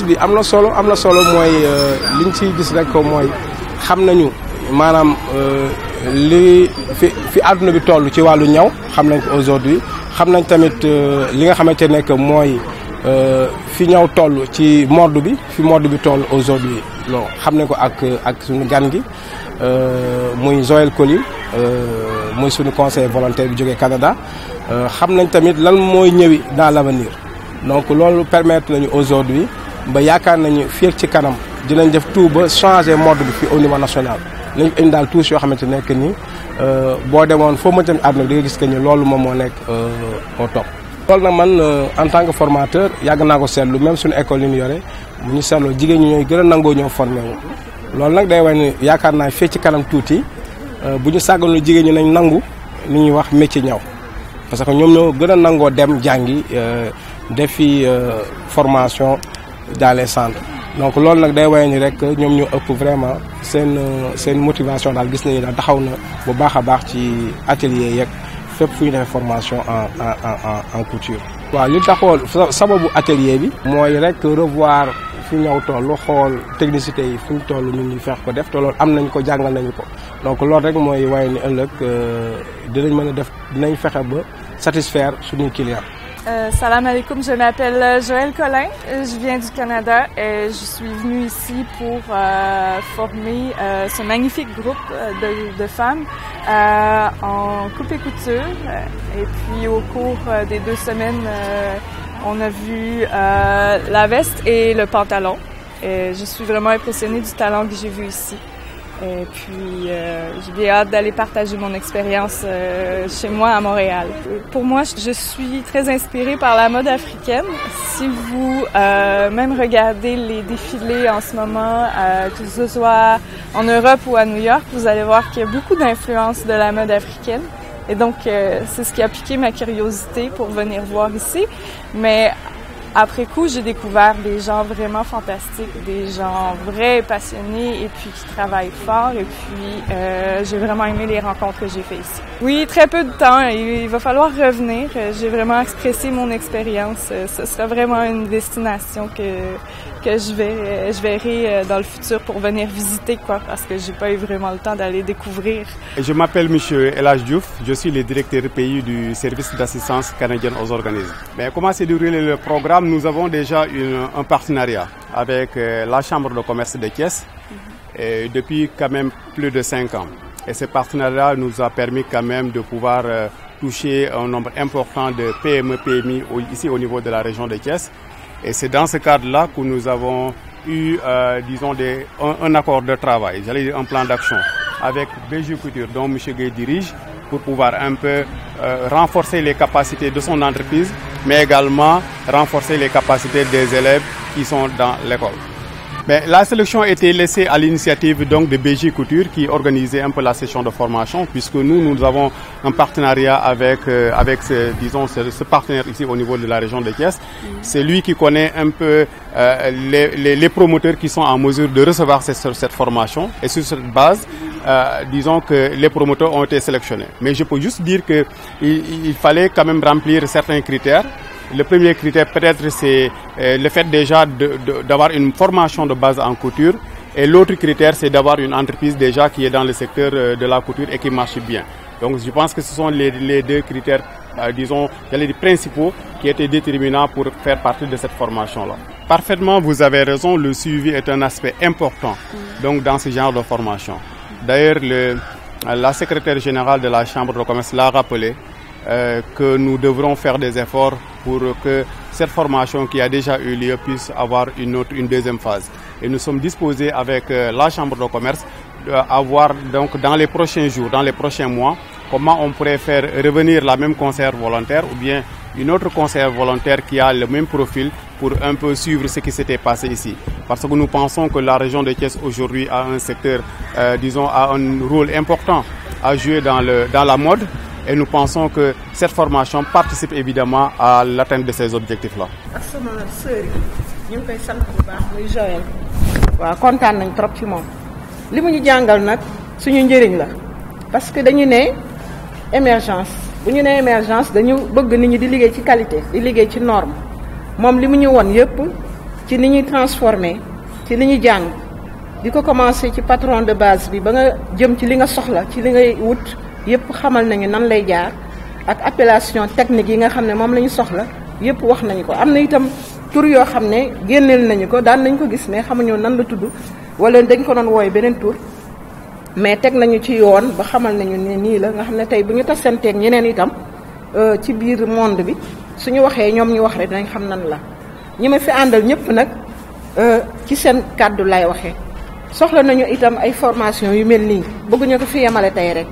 bi am solo am solo mooy euh, liñ ci gis rek ko mooy xam nañu maanaam euh, li fi fi àdduna bi toll ci wàllu ñaw ko aujourd'hui xam nañ tamit euh, li nga xamante nekk mooy fi ñaw toll ci bi fi mode bi toll aujourd'hui non xam nañ ko ak ak suñu gan gi muy Joël je muy suñu conseil volontaire bi jógee Canada xam nañ tamit lan mooy ñëwi dans l'avenir donc loolu permettre nañu aujourd'hui ba yaakaar nañu fii ci kanam dinañ def tout ba changer mode bi fii au niveau national nañ indi daal tous yoo xamante nekk ni euh, boo demoon foo mënti àdduna bi da nga gis que ni loolu moom moo nekk euh, au top. loolu nag man euh, en tant que formateur yàgg naa ko seetlu même suñu école yi ñu yore mu ñu seetloo jigéen ñooy gën a nangoo ñoo formé wu. loolu nag day wane ni yaakaar naa fii ci kanam tuuti bu ñu sàggoonul jigéen ñi nañ nangu ni ñuy wax métier ñaw parce que ñoom ñoo gën a nangoo dem jàngi defi formation. dans les centres donc lool nak day waye ni rek ñom ñu ëpp vraiment seen seen motivation dal gis nañu daal taxaw na bu baaxa baax ci atelier yeeg fep fuy ñu formation en en en en couture. Wa ñu taxol sababu atelier bi. moy rek revoir fu ñëw toll xol technicité yi fu ñu toll ñu ngi fex ko def te lool am nañ ko jangal nañ ko donc lool rek moy waye ni ëlëk euh, dinañ mën def dinañ fexé ba satisfaire suñu client. Euh, salam alaikum, je m'appelle euh, Joël Collin, euh, je viens du Canada et je suis venue ici pour former ce magnifique groupe de, de femmes en coupe et couture. Et puis au cours des deux semaines, on a vu la veste et le pantalon. Et je suis vraiment impressionnée du talent que j'ai vu ici. Et euh, puis, euh, j'ai hâte d'aller partager mon expérience euh, chez moi à Montréal. Pour moi, je suis très inspirée par la mode africaine. Si vous euh, même regardez les défilés en ce moment, euh, que ce soit en Europe ou à New York, vous allez voir qu'il y a beaucoup d'influence de la mode africaine. Et donc, c'est ce qui a piqué ma curiosité pour venir voir ici. Mais après coup, j'ai découvert des gens vraiment fantastiques, des gens vrais, passionnés et puis qui travaillent fort. Et puis, euh, j'ai vraiment aimé les rencontres que j'ai faites ici. Oui, très peu de temps. Il va falloir revenir. Euh, j'ai vraiment expressé mon expérience. Euh, ce sera vraiment une destination que que je vais je verrai dans le futur pour venir visiter quoi, parce que j'ai pas eu vraiment le temps d'aller découvrir. Je m'appelle M. Elage Diouf. Je suis le directeur pays du service d'assistance canadienne aux organismes. Mais comment s'est déroulé le programme? nous avons déjà une, un partenariat avec euh, la Chambre de commerce de Thiès mhm. depuis quand même plus de cinq ans. Et ce partenariat nous a permis quand même de pouvoir euh, toucher un nombre important de PME, PMI ici au niveau de la région de Thiès. Et c'est dans ce cadre-là que nous avons eu, euh, disons, un, accord de travail, j'allais dire un plan d'action avec Béjou Couture, dont M. Gay dirige, pour pouvoir un peu renforcer les capacités de son entreprise mais également renforcer les capacités des élèves qui sont dans l'école. Mais la sélection a été laissée à l'initiative donc de BG Couture qui organisait un peu la session de formation puisque nous, nous avons un partenariat avec, euh, avec ce, disons, ce, partenaire ici au niveau de la région de Thiès. C'est lui qui connaît un peu euh, les, promoteurs qui sont en mesure de recevoir cette formation et sur cette base, euh, disons que les promoteurs ont été sélectionnés. Mais je peux juste dire qu'il il fallait quand même remplir certains critères. Le premier critère peut-être c'est euh, le fait déjà d'avoir une formation de base en couture. Et l'autre critère, c'est d'avoir une entreprise déjà qui est dans le secteur euh, de la couture et qui marche bien. Donc je pense que ce sont les, deux critères, disons, les principaux qui étaient déterminants pour faire partie de cette formation-là. Parfaitement, vous avez raison, le suivi est un aspect important mm. donc, dans ce genre de formation. D'ailleurs, la secrétaire générale de la Chambre de commerce l'a rappelé euh, que nous devrons faire des efforts pour que cette formation qui a déjà eu lieu puisse avoir une, autre, une deuxième phase. Et nous sommes disposés avec euh, la Chambre de commerce euh, à voir donc dans les prochains jours, dans les prochains mois, comment on pourrait faire revenir la même concert volontaire ou bien une autre concert volontaire qui a le même profil pour un peu suivre ce qui s'était passé ici. Parce que nous pensons que la région de Thiès aujourd'hui a un secteur, euh, disons, a un rôle important à jouer dans, le, dans la mode et nous pensons que cette formation participe évidemment à l'atteinte de ces objectifs-là. parce que émergence qualité mom limu ñu won yépp ci ni ñuy transformer ci ni ñuy jàng di ko commencé ci patron de base bi ba nga jëm ci li nga soxla ci li ngay wut yépp xamal nañu nan lay jaar ak appellation technique yi nga xam ne moom la ñu soxla yépp wax nañ ko am na itam tur yoo xam ne génneel ko daan nañ ko gis mais xamuñu nan la tudd wala dañ ko doon woy beneen tur mais teg nañu ci yoon ba xamal nañu ne nii la nga xam ne tey bu ñu ñeneen itam euh, ci biir monde bi suñu waxee ñoom ñu wax rek dinañ xam nan la ñi ma fi àndal ñëpp nag euh, ci seen kàddu lay waxee soxla nañu itam ay formation yu mel nii bëgg ñu ko fi yemale tey rek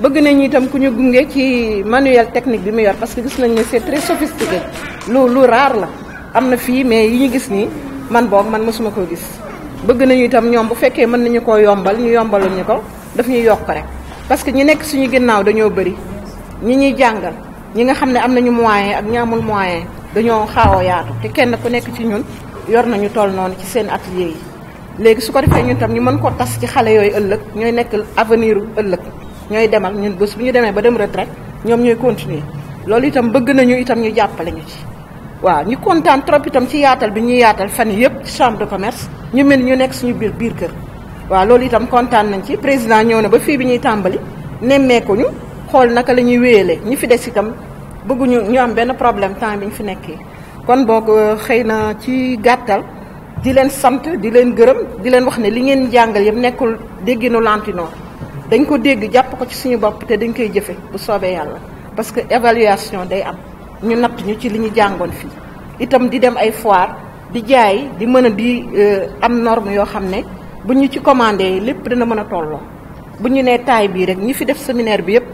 bëgg nañu itam ku ñu gunge ci manuel technique bi mu yor parce que gis nañ ne c' est très sophistiqué lu lu raar la am na fii mais yi ñu gis nii man boog man mosuma ko gis bëgg nañu itam ñoom bu fekkee mën nañu koo yombal ñu yombaluñu ko daf ñuy yokk rek parce que ñi nekk suñu ginnaaw dañoo bëri ñi ñuy jàngal ñi nga xam ne am nañu moyen ak ñi amul moyen dañoo xaw a yaatu te kenn ku nekk ci ñun yor nañu toll noonu ci seen atelier yi. léegi su ko defee ñu tam ñu mën koo tas ci xale yooyu ëllëg ñooy nekk avenir ëllëg ñooy demal ñun bés bu ñu demee ba dem rek ñoom ñooy continuer loolu itam bëgg nañu itam ñu jàppale ñu ci. waaw ñu kontaan trop itam ci yaatal bi ñuy yaatal fan yëpp ci chambre de commerce ñu mel ñu nekk suñu biir biir kër waaw loolu itam kontaan nañ ci président ñëw na ba fii bi ñuy tàmbali nemmeekuñu. xool naka la ñuy wéyale ñi fi des itam bëgguñu ñu am benn problème temps bi ñu fi nekkee kon boog euh, xëy na ci gàttal di leen sant di leen gërëm di leen wax ne li ngeen jàngal yëpp nekkul dégginu lantinoor dañ ko dégg jàpp ko ci suñu bopp te dañ koy jëfe bu soobee yàlla parce que évaluation day am ñu natt ñu ci li ñu jàngoon fii itam di dem ay foire di jaay di mën a di euh, am norme yoo xam ne bu ñu ci commandé lépp dina mën a tolloo bu ñu nee taay bii rek ñi fi def séminaire bi yëpp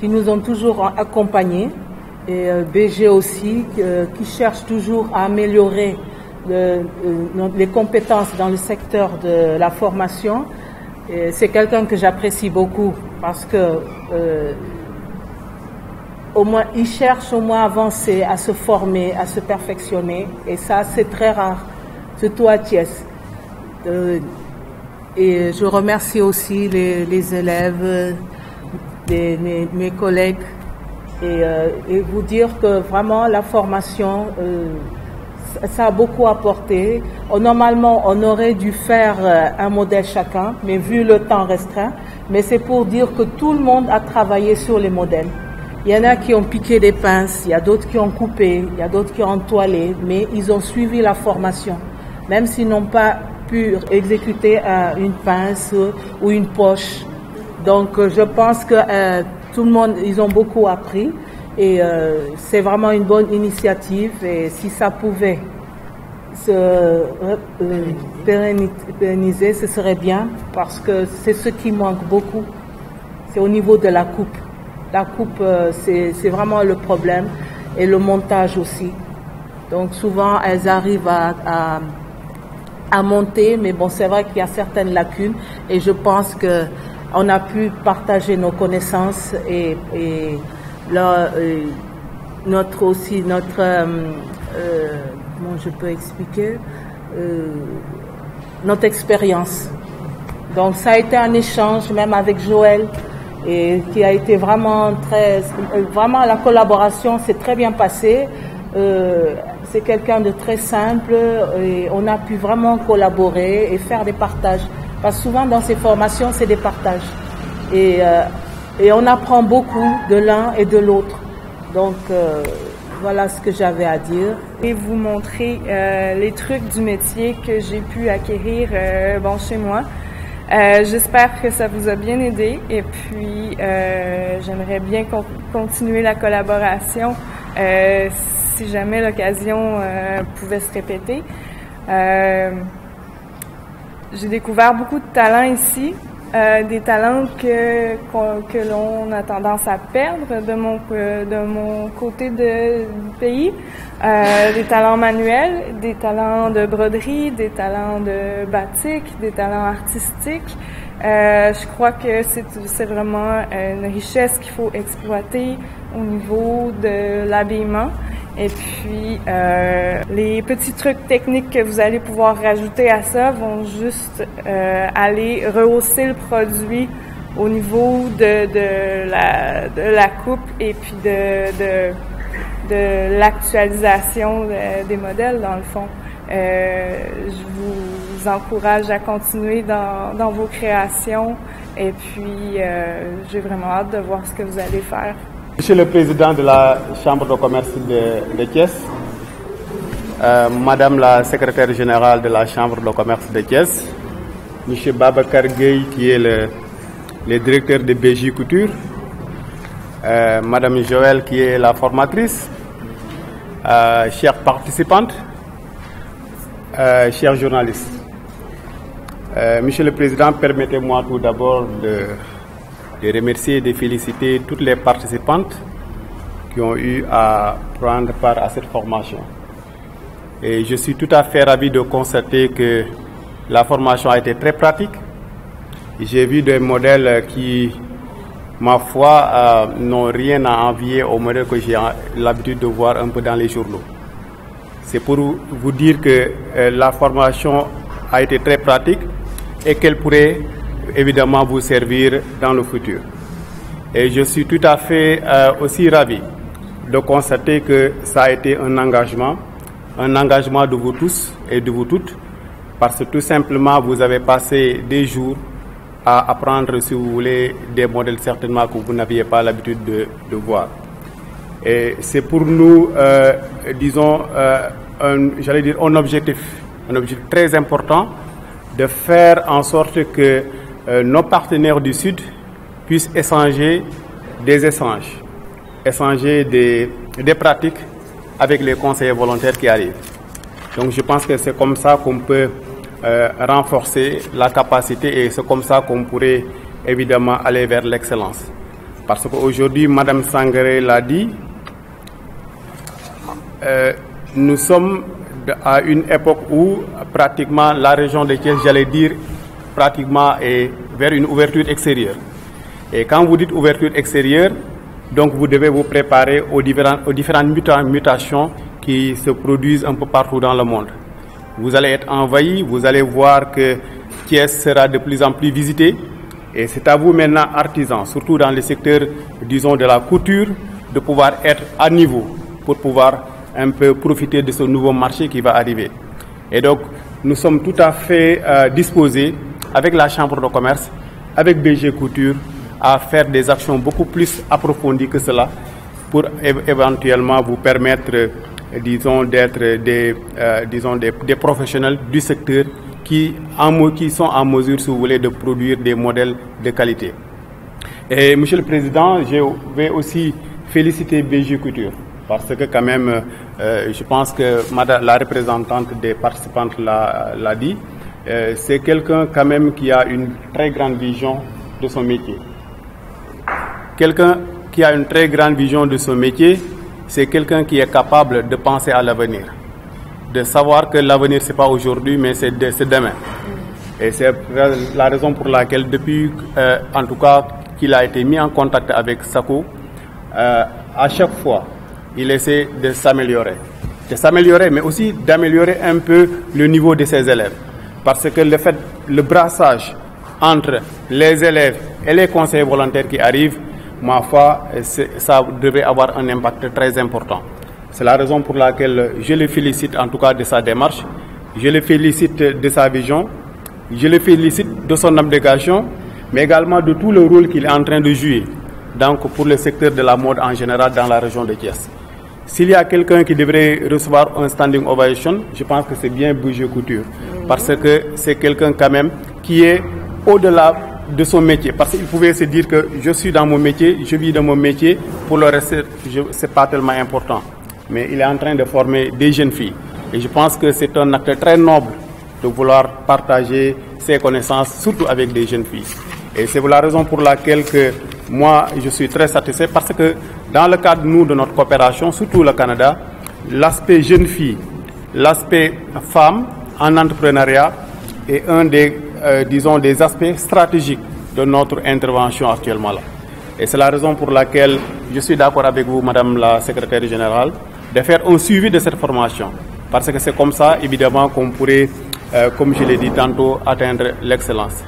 qui nous ont toujours accompagnés, et euh, BG aussi, euh, qui cherche toujours à améliorer euh, les compétences dans le secteur de la formation. C'est quelqu'un que j'apprécie beaucoup parce que au moins, il cherche au moins à avancer, à se former, à se perfectionner. Et ça, c'est très rare, surtout à Thiès. et je remercie aussi les élèves mes, collègues euh, et, vous dire que vraiment la formation, euh, ça a beaucoup apporté. Euh, normalement, on aurait dû faire un modèle chacun, mais vu le temps restreint, mais c'est pour dire que tout le monde a travaillé sur les modèles. Il y en a qui ont piqué des pinces, il y a d'autres qui ont coupé, il y a d'autres qui ont toilé, mais ils ont suivi la formation. Même s'ils n'ont pas pu exécuter une pince ou une poche, donc euh, je pense que euh, tout le monde, ils ont beaucoup appris et euh, c'est vraiment une bonne initiative et si ça pouvait se pérenniser, ce serait bien parce que c'est ce qui manque beaucoup. C'est au niveau de la coupe. La coupe, c'est vraiment le problème et le montage aussi. Donc souvent, elles arrivent à monter, mais bon, c'est vrai qu'il y a certaines lacunes et je pense que on a pu partager nos connaissances et, euh, notre aussi notre euh, euh, je peux expliquer notre expérience. Donc ça a été un échange même avec Joël et qui a été vraiment très vraiment la collaboration s'est très bien passée. c'est quelqu'un de très simple et on a pu vraiment collaborer et faire des partages parce que souvent dans ces formations, c'est des partages. Et, euh, et, on apprend beaucoup de l'un et de l'autre. Donc euh, voilà ce que j'avais à dire. et vous montrer euh, les trucs du métier que j'ai pu acquérir euh, bon, chez moi. Euh, j'espère que ça vous a bien aidé et puis euh, j'aimerais bien continuer la collaboration si jamais l'occasion pouvait se répéter. J'ai découvert beaucoup de talents ici, euh, des talents que, que, l'on a tendance à perdre de mon, de mon côté de, du pays. Euh, des talents manuels, des talents de broderie, des talents de batik, des talents artistiques. Euh, je crois que c'est vraiment une richesse qu'il faut exploiter au niveau de l'habillement. Et puis, euh, les petits trucs techniques que vous allez pouvoir rajouter à ça vont juste euh, aller rehausser le produit au niveau de, de, la, de la coupe et puis de, de, l'actualisation euh, des modèles, dans le fond. je vous encourage à continuer dans vos créations et puis j'ai vraiment hâte de voir ce que vous allez faire. Monsieur le Président de la Chambre de commerce de, euh, Madame la Secrétaire Générale de la Chambre de commerce de Thiès, Monsieur Baba Gueye qui est le, directeur de BJ Couture, euh, Madame Joël qui est la formatrice, euh, participante, participantes, euh, chers journalistes. Monsieur le Président, permettez-moi tout d'abord de de remercier et de féliciter toutes les participantes qui ont eu à prendre part à cette formation. Et je suis tout à fait ravi de constater que la formation a été très pratique. J'ai vu des modèles qui, ma foi, euh, n'ont rien à envier aux modèles que j'ai l'habitude de voir un peu dans les journaux. C'est pour vous dire que euh, la formation a été très pratique et qu'elle pourrait évidemment vous servir dans le futur. Et je suis tout à fait euh, aussi ravi de constater que ça a été un engagement, un engagement de vous tous et de vous toutes, parce que tout simplement vous avez passé des jours à apprendre, si vous voulez, des modèles certainement que vous n'aviez pas l'habitude de, voir. Et c'est pour nous, euh, disons, euh, j'allais dire, un objectif, un objectif très important de faire en sorte que euh, nos partenaires du Sud puissent échanger des échanges, échanger des, des pratiques avec les conseillers volontaires qui arrivent. Donc je pense que c'est comme ça qu'on peut euh, renforcer la capacité et c'est comme ça qu'on pourrait évidemment aller vers l'excellence. Parce qu'aujourd'hui, Madame Sangré l'a dit, euh, nous sommes à une époque où pratiquement la région de Thiès, j'allais dire, pratiquement et vers une ouverture extérieure. Et quand vous dites ouverture extérieure, donc vous devez vous préparer aux différentes, aux différentes mutations qui se produisent un peu partout dans le monde. Vous allez être envahi, vous allez voir que Thiès sera de plus en plus visité. Et c'est à vous maintenant, artisans, surtout dans le secteur, disons, de la couture, de pouvoir être à niveau pour pouvoir un peu profiter de ce nouveau marché qui va arriver. Et donc, nous sommes tout à fait euh, disposés avec la Chambre de commerce, avec BG Couture, à faire des actions beaucoup plus approfondies que cela pour éventuellement vous permettre, disons, d'être des, euh, disons des, professionnels du secteur qui, en, qui sont en mesure, si vous voulez, de produire des modèles de qualité. Et Monsieur le Président, je vais aussi féliciter BG Couture parce que quand même, euh, je pense que la représentante des participantes l'a dit, euh, c'est quelqu'un quand même qui a une très grande vision de son métier. Quelqu'un qui a une très grande vision de son métier, c'est quelqu'un qui est capable de penser à l'avenir, de savoir que l'avenir c'est pas aujourd'hui mais c'est demain. Et c'est la raison pour laquelle depuis, euh, en tout cas, qu'il a été mis en contact avec Sako, euh, à chaque fois, il essaie de s'améliorer, de s'améliorer, mais aussi d'améliorer un peu le niveau de ses élèves parce que le fait, le brassage entre les élèves et les conseillers volontaires qui arrivent, ma foi, ça devait avoir un impact très important. C'est la raison pour laquelle je le félicite en tout cas de sa démarche, je le félicite de sa vision, je le félicite de son abdication, mais également de tout le rôle qu'il est en train de jouer donc pour le secteur de la mode en général dans la région de Thiès. S'il y a quelqu'un qui devrait recevoir un standing ovation, je pense que c'est bien Bouger Couture. Parce que c'est quelqu'un quand même qui est au-delà de son métier. Parce qu'il pouvait se dire que je suis dans mon métier, je vis dans mon métier, pour le reste, ce n'est pas tellement important. Mais il est en train de former des jeunes filles. Et je pense que c'est un acte très noble de vouloir partager ses connaissances, surtout avec des jeunes filles. Et c'est la raison pour laquelle que moi, je suis très satisfait parce que dans le cadre, nous, de notre coopération, surtout le Canada, l'aspect jeune fille, l'aspect femme en entrepreneuriat est un des, euh, disons, des aspects stratégiques de notre intervention actuellement là. Et c'est la raison pour laquelle je suis d'accord avec vous, Madame la Secrétaire Générale, de faire un suivi de cette formation. Parce que c'est comme ça, évidemment, qu'on pourrait, euh, comme je l'ai dit tantôt, atteindre l'excellence.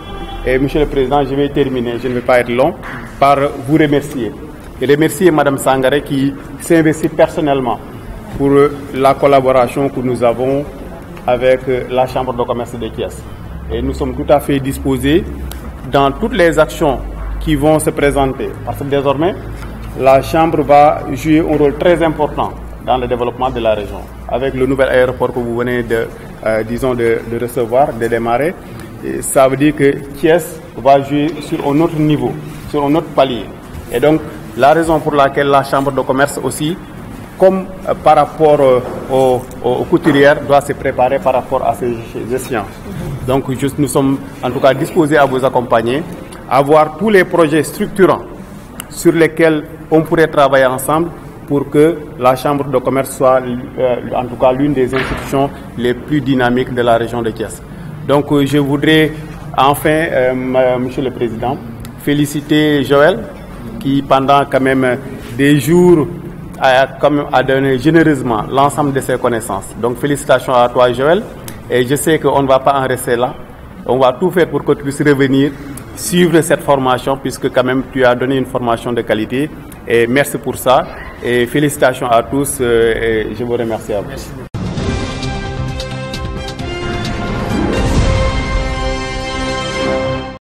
Et Monsieur le Président, je vais terminer, je ne vais pas être long, par vous remercier. Et remercier Mme Sangaré qui s'investit personnellement pour euh, la collaboration que nous avons avec euh, la Chambre de commerce de Thiès. Et nous sommes tout à fait disposés dans toutes les actions qui vont se présenter. Parce que désormais, la Chambre va jouer un rôle très important dans le développement de la région. Avec le nouvel aéroport que vous venez de, euh, disons de recevoir, de démarrer, ça veut dire que Thiès va jouer sur un autre niveau, sur un autre palier. Et donc, la raison pour laquelle la Chambre de commerce aussi, comme euh, par rapport euh, aux, couturières, doit se préparer par rapport à ces échéances. Donc, juste, nous sommes en tout cas disposés à vous accompagner, à voir tous les projets structurants sur lesquels on pourrait travailler ensemble pour que la Chambre de commerce soit euh, en tout cas l'une des institutions les plus dynamiques de la région de Thiès. Donc euh, je voudrais enfin, euh, Monsieur le Président, féliciter Joël qui pendant quand même des jours a, a donné généreusement l'ensemble de ses connaissances. Donc félicitations à toi Joël et je sais qu'on ne va pas en rester là. On va tout faire pour que tu puisses revenir suivre cette formation puisque quand même tu as donné une formation de qualité et merci pour ça et félicitations à tous euh, et je vous remercie à vous.